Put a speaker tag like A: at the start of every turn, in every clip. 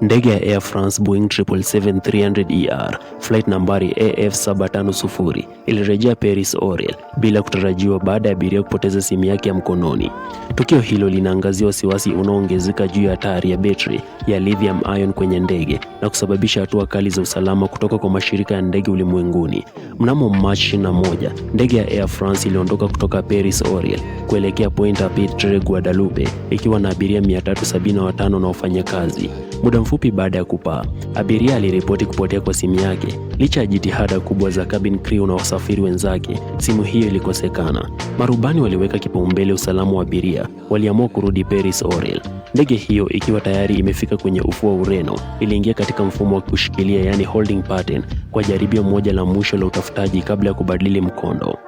A: Ndege ya Air France Boeing 777-300ER e flight nambari AF750 ilirejea Paris Orel bila kutarajiwa baada ya abiria kupoteza simu yake ya mkononi. Tukio hilo linaangazia wasiwasi unaoongezeka juu ya hatari ya betri ya lithium ion kwenye ndege na kusababisha hatua kali za usalama kutoka kwa mashirika ya ndege ulimwenguni. Mnamo Machi 21, ndege ya Air France iliondoka kutoka Paris Orel kuelekea pointe à pitre Guadeloupe ikiwa na abiria 375 na wafanyakazi. Muda mfupi baada ya kupaa, abiria aliripoti kupotea kwa simu yake. Licha ya jitihada kubwa za cabin crew na wasafiri wenzake, simu hiyo ilikosekana. Marubani waliweka kipaumbele usalama wa abiria, waliamua kurudi Paris Orel. Ndege hiyo ikiwa tayari imefika kwenye ufuo wa Ureno, iliingia katika mfumo wa kushikilia, yani holding pattern, kwa jaribio moja la mwisho la utafutaji kabla ya kubadili mkondo.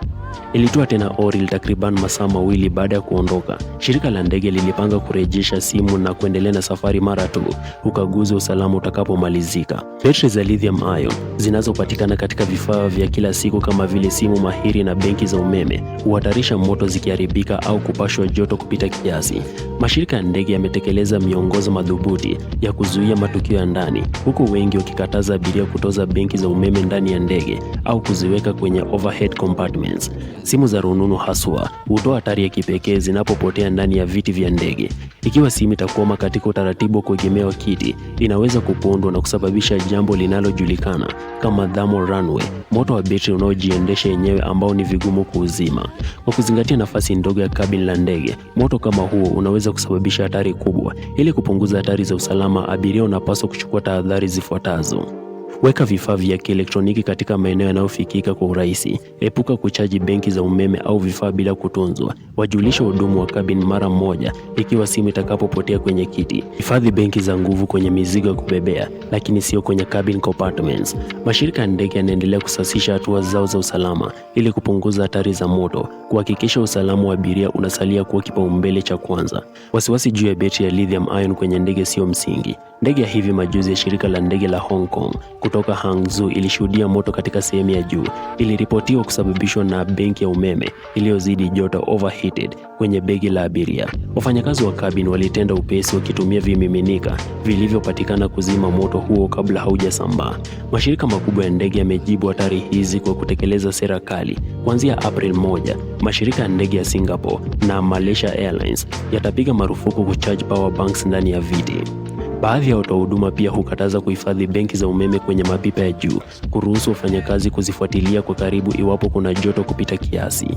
A: Ilitua tena Oril takriban masaa mawili baada ya kuondoka. Shirika la ndege lilipanga kurejesha simu na kuendelea na safari mara tu ukaguzi wa usalama utakapomalizika. Betri za lithium ion zinazopatikana katika vifaa vya kila siku kama vile simu mahiri na benki za umeme huhatarisha moto zikiharibika au kupashwa joto kupita kiasi. Mashirika ya ndege yametekeleza miongozo madhubuti ya kuzuia matukio ya ndani, huku wengi wakikataza abiria kutoza benki za umeme ndani ya ndege au kuziweka kwenye overhead compartments. Simu za rununu haswa hutoa hatari ya kipekee zinapopotea ndani ya viti vya ndege. Ikiwa simu itakwama katika utaratibu wa kuegemewa kiti, inaweza kupondwa na kusababisha jambo linalojulikana kama thermal runaway, moto wa betri unaojiendesha yenyewe ambao ni vigumu kuuzima. Kwa kuzingatia nafasi ndogo ya kabini la ndege, moto kama huo unaweza kusababisha hatari kubwa. Ili kupunguza hatari za usalama, abiria unapaswa kuchukua tahadhari zifuatazo. Weka vifaa vya kielektroniki katika maeneo yanayofikika kwa urahisi. Epuka kuchaji benki za umeme au vifaa bila kutunzwa. Wajulishe hudumu wa kabin mara moja ikiwa simu itakapopotea kwenye kiti. Hifadhi benki za nguvu kwenye mizigo ya kubebea, lakini sio kwenye cabin compartments. Mashirika ya ndege yanaendelea kusasisha hatua zao za usalama ili kupunguza hatari za moto, kuhakikisha usalama wa abiria unasalia kuwa kipaumbele cha kwanza. Wasiwasi juu ya betri ya lithium ion kwenye ndege sio msingi. Ndege ya hivi majuzi ya shirika la ndege la Hong Kong kutoka Hangzhou ilishuhudia moto katika sehemu ya juu. Iliripotiwa kusababishwa na benki ya umeme iliyozidi joto overheated kwenye begi la abiria. Wafanyakazi wa cabin walitenda upesi wakitumia vimiminika vilivyopatikana kuzima moto huo kabla haujasambaa. Mashirika makubwa ya ndege yamejibu hatari hizi kwa kutekeleza sera kali. Kuanzia April moja, mashirika ya ndege ya Singapore na Malaysia Airlines yatapiga marufuku kucharge power banks ndani ya viti. Baadhi ya watoa huduma pia hukataza kuhifadhi benki za umeme kwenye mapipa ya juu, kuruhusu wafanyakazi kuzifuatilia kwa karibu iwapo kuna joto kupita kiasi.